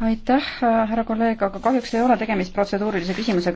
aitäh, äh, härra kolleeg, aga kahjuks ei ole tegemist protseduurilise küsimusega.